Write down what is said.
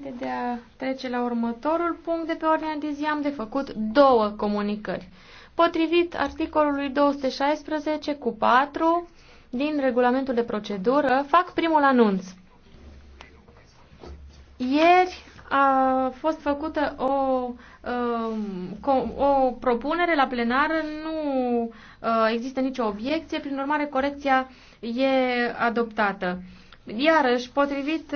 Înainte de a trece la următorul punct de pe ordinea de zi, am de făcut două comunicări. Potrivit articolului 216 cu 4 din regulamentul de procedură, fac primul anunț. Ieri a fost făcută o, um, o propunere la plenară, nu uh, există nicio obiecție, prin urmare corecția e adoptată. Iarăși, potrivit